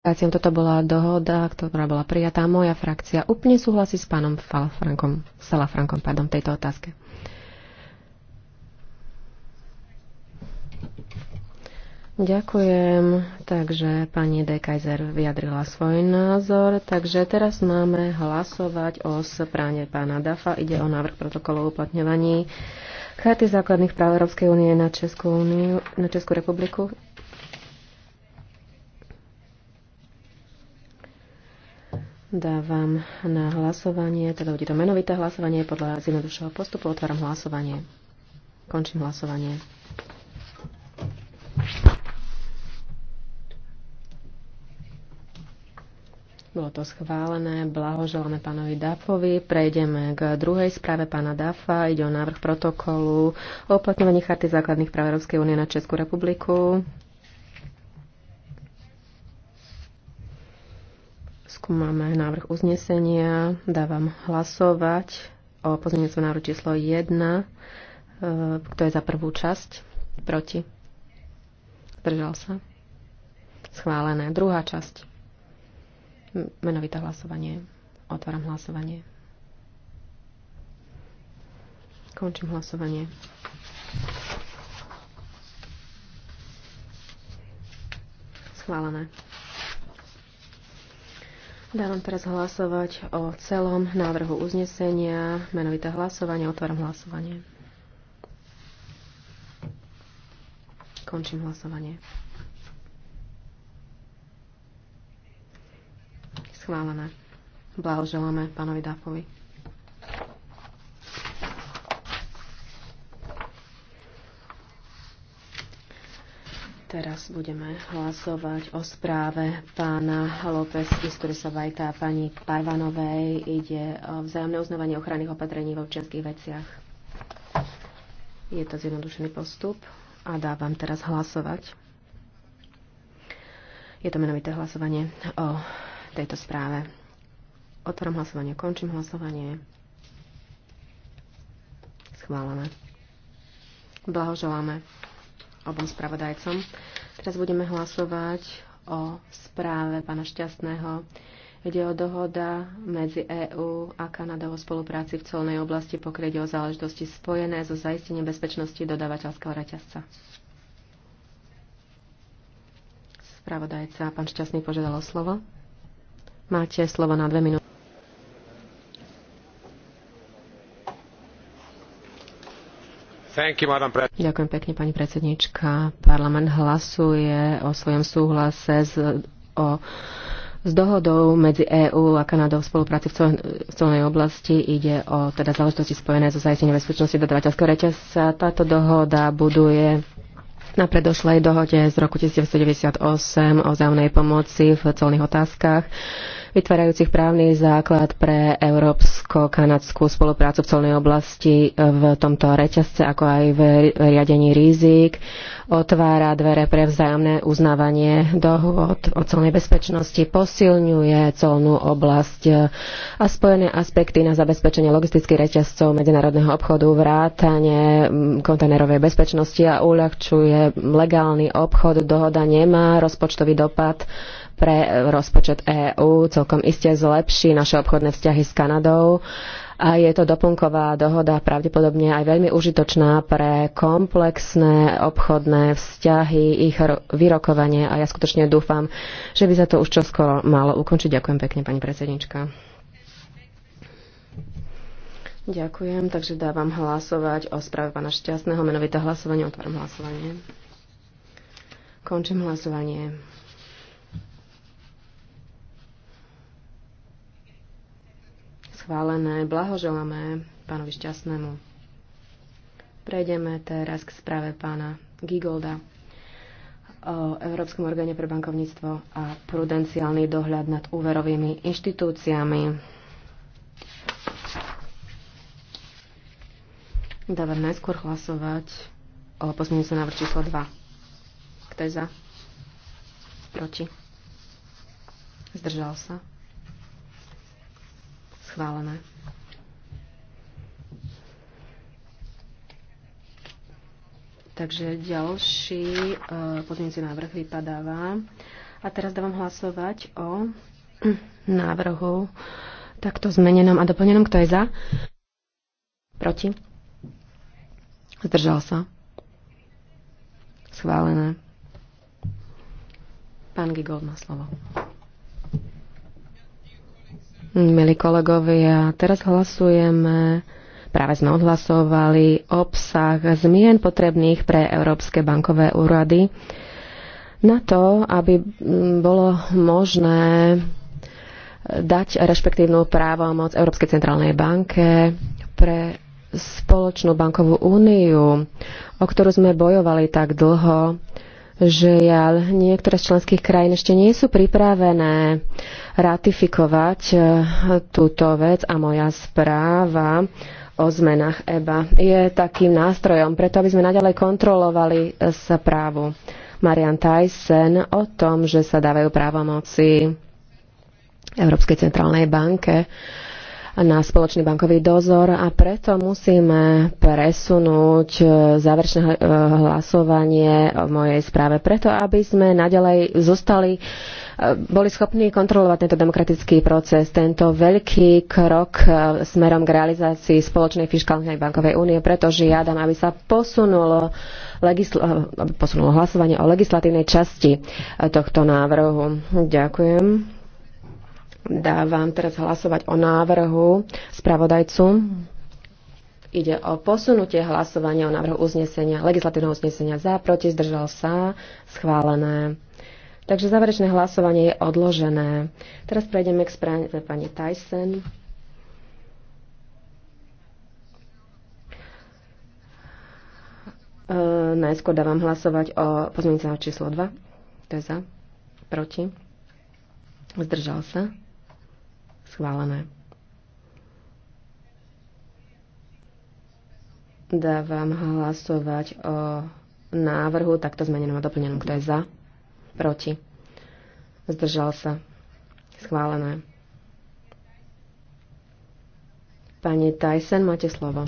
Toto bola dohoda, ktorá bola prijatá. Moja frakcia úplne súhlasí s pánom Falfrankom, Salafrankom pardon, tejto otázke. Ďakujem. Takže pani De Kaiser vyjadrila svoj názor. Takže teraz máme hlasovať o správne pána Dafa. Ide o návrh protokolu o uplatňovaní Charty základných práv Európskej únie na Českú, úniu, na Českú republiku Dávam na hlasovanie, teda bude to menovité hlasovanie podľa zjednodušeného postupu. Otváram hlasovanie. Končím hlasovanie. Bolo to schválené. Blahoželáme pánovi Dafovi. Prejdeme k druhej správe pána Dafa. Ide o návrh protokolu o uplatňovaní Charty základných práv Európskej únie na Českú republiku. Skúmame návrh uznesenia. Dávam hlasovať o pozmeňujúcom návrhu číslo 1. E, kto je za prvú časť? Proti? Zdržal sa? Schválené. Druhá časť. Menovité hlasovanie. Otváram hlasovanie. Končím hlasovanie. Schválené. Dávam teraz hlasovať o celom návrhu uznesenia. Menovité hlasovanie. Otváram hlasovanie. Končím hlasovanie. Schválené. Blahoželáme pánovi Dafovi. Teraz budeme hlasovať o správe pána López Isturisa Vajta a pani Parvanovej. Ide o vzájomné uznávanie ochranných opatrení v občianských veciach. Je to zjednodušený postup a dávam teraz hlasovať. Je to menovité hlasovanie o tejto správe. Otvorom hlasovanie, končím hlasovanie. Schválame. Blahoželáme obom spravodajcom. Teraz budeme hlasovať o správe pána Šťastného. Ide o dohoda medzi EÚ a Kanadou o spolupráci v celnej oblasti, pokiaľ o záležitosti spojené so zaistením bezpečnosti dodávateľského reťazca. Spravodajca, pán Šťastný požiadal o slovo. Máte slovo na dve minúty. Ďakujem pekne, pani predsednička. Parlament hlasuje o svojom súhlase s, o, s dohodou medzi EÚ a Kanadou v spolupráci v, v celnej oblasti. Ide o teda záležitosti spojené so zajistením bezpečnosti dodavateľského reťazca. Táto dohoda buduje na predošlej dohode z roku 1998 o zájomnej pomoci v colných otázkach, vytvárajúcich právny základ pre európsko-kanadskú spoluprácu v colnej oblasti v tomto reťazce, ako aj v riadení rizik, otvára dvere pre vzájomné uznávanie dohod o colnej bezpečnosti, posilňuje colnú oblasť a spojené aspekty na zabezpečenie logistických reťazcov medzinárodného obchodu, vrátanie kontajnerovej bezpečnosti a uľahčuje legálny obchod dohoda nemá rozpočtový dopad pre rozpočet EÚ, celkom iste zlepší naše obchodné vzťahy s Kanadou a je to doplnková dohoda pravdepodobne aj veľmi užitočná pre komplexné obchodné vzťahy, ich vyrokovanie a ja skutočne dúfam, že by sa to už čoskoro malo ukončiť. Ďakujem pekne, pani predsednička. Ďakujem, takže dávam hlasovať o správe pána Šťastného, menovité hlasovanie, otváram hlasovanie. Končím hlasovanie. Schválené, blahoželáme pánovi Šťastnému. Prejdeme teraz k správe pána Gigolda o Európskom orgáne pre bankovníctvo a prudenciálny dohľad nad úverovými inštitúciami. Dávam najskôr hlasovať o pozmeňujúcom návrh číslo 2. Kto je za? Proti? Zdržal sa? Schválené. Takže ďalší e, pozmeňujúci návrh vypadáva. A teraz dávam hlasovať o návrhu takto zmenenom a doplnenom. Kto je za? Proti? Zdržal sa. Schválené. Pán Gigold má slovo. Milí kolegovia, teraz hlasujeme, práve sme odhlasovali obsah zmien potrebných pre Európske bankové úrady na to, aby mm, bolo možné dať rešpektívnu právomoc Európskej centrálnej banke pre spoločnú bankovú úniu, o ktorú sme bojovali tak dlho, Žiaľ, niektoré z členských krajín ešte nie sú pripravené ratifikovať e, túto vec a moja správa o zmenách EBA je takým nástrojom, preto aby sme naďalej kontrolovali e, správu. Marian Tyson o tom, že sa dávajú právomoci Európskej centrálnej banke na spoločný bankový dozor a preto musíme presunúť e, záverečné e, hlasovanie v mojej správe, preto aby sme naďalej zostali, e, boli schopní kontrolovať tento demokratický proces, tento veľký krok smerom k realizácii spoločnej fiskálnej bankovej únie, preto žiadam, aby sa posunulo, legisl- posunulo hlasovanie o legislatívnej časti tohto návrhu. Ďakujem. Dávam teraz hlasovať o návrhu spravodajcu. Ide o posunutie hlasovania o návrhu uznesenia, legislatívneho uznesenia za, proti, zdržal sa, schválené. Takže záverečné hlasovanie je odložené. Teraz prejdeme k správe pani Tyson. E, najskôr dávam hlasovať o pozmeňujúceho číslo 2. To je za. Proti. Zdržal sa. Schválené. Dávam hlasovať o návrhu takto zmenenom a doplnenom. Kto je za? Proti? Zdržal sa? Schválené. Pani Tyson, máte slovo.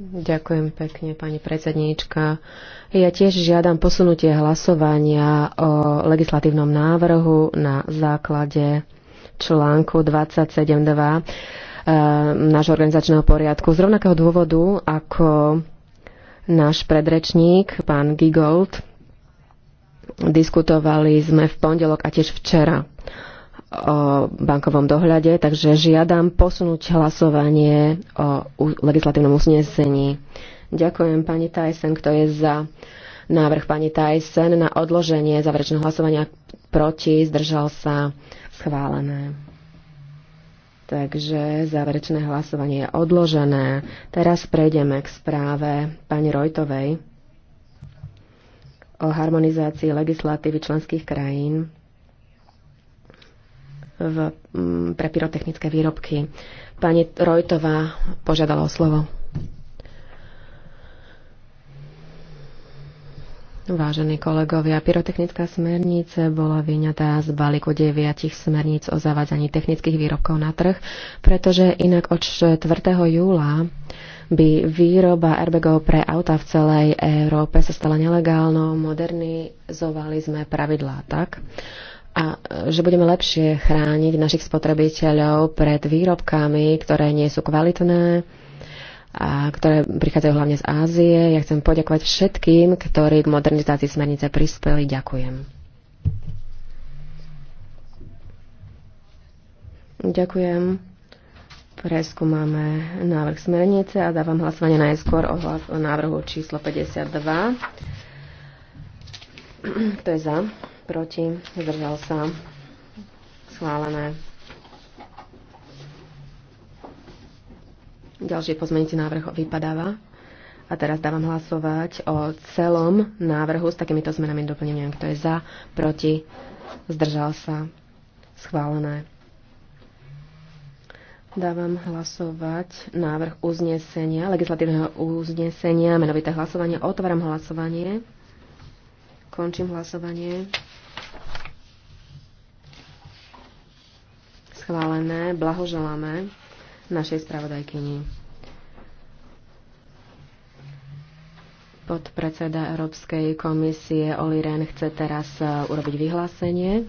Ďakujem pekne, pani predsedníčka. Ja tiež žiadam posunutie hlasovania o legislatívnom návrhu na základe článku 27.2 eh, nášho organizačného poriadku. Z rovnakého dôvodu ako náš predrečník, pán Gigold, diskutovali sme v pondelok a tiež včera o bankovom dohľade, takže žiadam posunúť hlasovanie o legislatívnom usnesení. Ďakujem pani Tyson, kto je za návrh pani Tyson na odloženie záverečného hlasovania proti, zdržal sa schválené. Takže záverečné hlasovanie je odložené. Teraz prejdeme k správe pani Rojtovej o harmonizácii legislatívy členských krajín v, mm, pre pyrotechnické výrobky. Pani Rojtová požiadala o slovo. Vážení kolegovia, pyrotechnická smernica bola vyňatá z balíku deviatich smerníc o zavádzaní technických výrobkov na trh, pretože inak od 4. júla by výroba airbagov pre auta v celej Európe sa stala nelegálnou. Modernizovali sme pravidlá tak, a e, že budeme lepšie chrániť našich spotrebiteľov pred výrobkami, ktoré nie sú kvalitné a ktoré prichádzajú hlavne z Ázie. Ja chcem poďakovať všetkým, ktorí k modernizácii smernice prispeli. Ďakujem. Ďakujem. Preskúmame návrh smernice a dávam hlasovanie najskôr o, hlas- o návrhu číslo 52. Kto je za? proti, zdržal sa, schválené. Ďalší pozmeňujúci návrh vypadáva. A teraz dávam hlasovať o celom návrhu s takýmito zmenami doplneniam. Kto je za, proti, zdržal sa, schválené. Dávam hlasovať návrh uznesenia, legislatívneho uznesenia, menovité hlasovanie. Otváram hlasovanie. Končím hlasovanie. schválené. Blahoželáme našej spravodajkyni. Podpredseda Európskej komisie Oli Ren chce teraz e, urobiť vyhlásenie.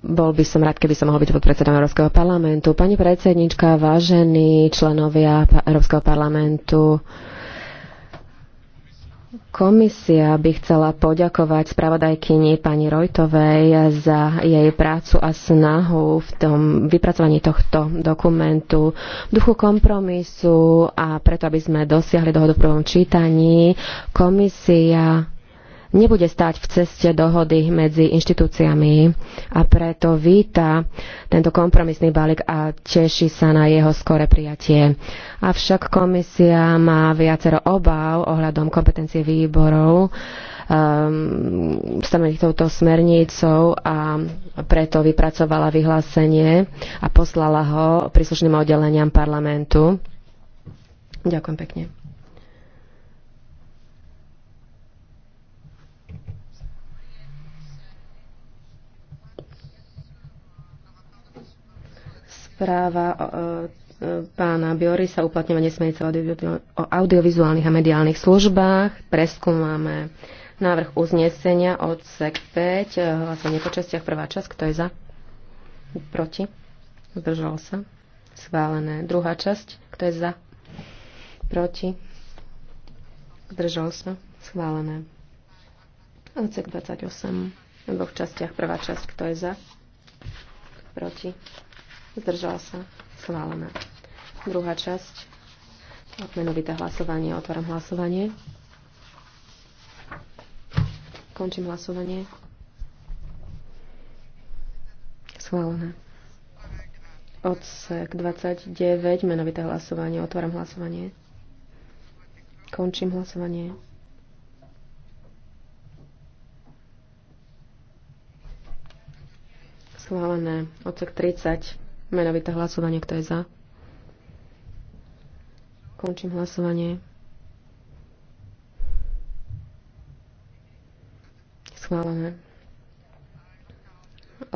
Bol by som rád, keby som mohol byť podpredsedom Európskeho parlamentu. Pani predsednička, vážení členovia Európskeho parlamentu, Komisia by chcela poďakovať spravodajkyni pani Rojtovej za jej prácu a snahu v tom vypracovaní tohto dokumentu v duchu kompromisu a preto, aby sme dosiahli dohodu v prvom čítaní, komisia nebude stať v ceste dohody medzi inštitúciami a preto víta tento kompromisný balík a teší sa na jeho skore prijatie. Avšak komisia má viacero obáv ohľadom kompetencie výborov um, stanovených touto smernicou a preto vypracovala vyhlásenie a poslala ho príslušným oddeleniam parlamentu. Ďakujem pekne. Správa pána Biorisa uplatňovanie smernice o audiovizuálnych a mediálnych službách. Preskúmame návrh uznesenia odsek 5, e, hlasovanie po častiach, prvá časť, kto je za? Proti? Zdržal sa? Schválené. Druhá časť, kto je za? Proti? Zdržal sa? Schválené. Odsek 28 v dvoch častiach. Prvá časť, kto je za? Proti? Zdržala sa, schválená. Druhá časť, menovité hlasovanie, otváram hlasovanie. Končím hlasovanie. Schválené. Odsek 29, menovité hlasovanie, otváram hlasovanie. Končím hlasovanie. Schválené. Odsek 30. Menovité hlasovanie, kto je za? Končím hlasovanie. Schválené.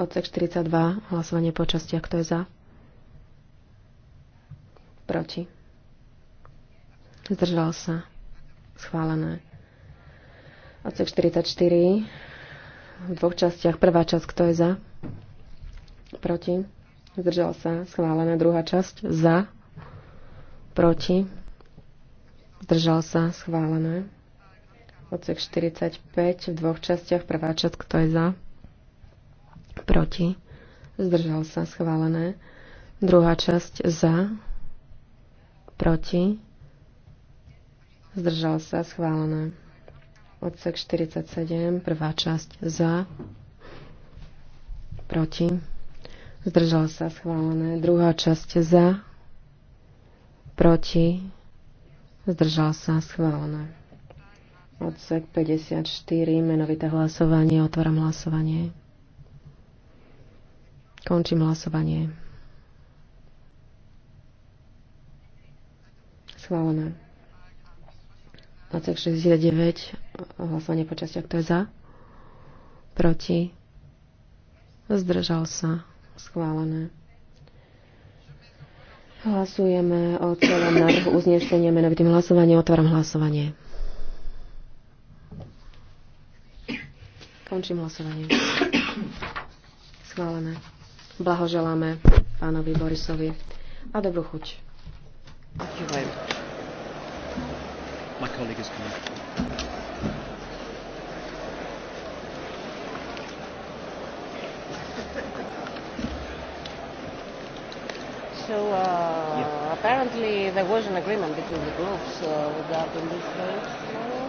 Odsek 42, hlasovanie po častiach, kto je za? Proti. Zdržal sa. Schválené. Odsek 44, v dvoch častiach. Prvá časť, kto je za? Proti Zdržal sa. Schválená druhá časť. Za. Proti. Zdržal sa. Schválené. Odsek 45 v dvoch častiach. Prvá časť, kto je za? Proti. Zdržal sa. Schválené. Druhá časť za. Proti. Zdržal sa. Schválené. Odsek 47. Prvá časť za. Proti Zdržal sa schválené. Druhá časť za. Proti. Zdržal sa schválené. Odsek 54. Menovité hlasovanie. Otváram hlasovanie. Končím hlasovanie. Schválené. Odsek 69. Hlasovanie po častiach. Kto je za? Proti. Zdržal sa Schválené. Hlasujeme o celom návrhu uznesenia menovitým hlasovaním. Otváram hlasovanie. Končím hlasovanie. Schválené. Blahoželáme pánovi Borisovi a dobrú chuť. My colleague is coming. So uh, apparently there was an agreement between the groups uh, regarding this vote.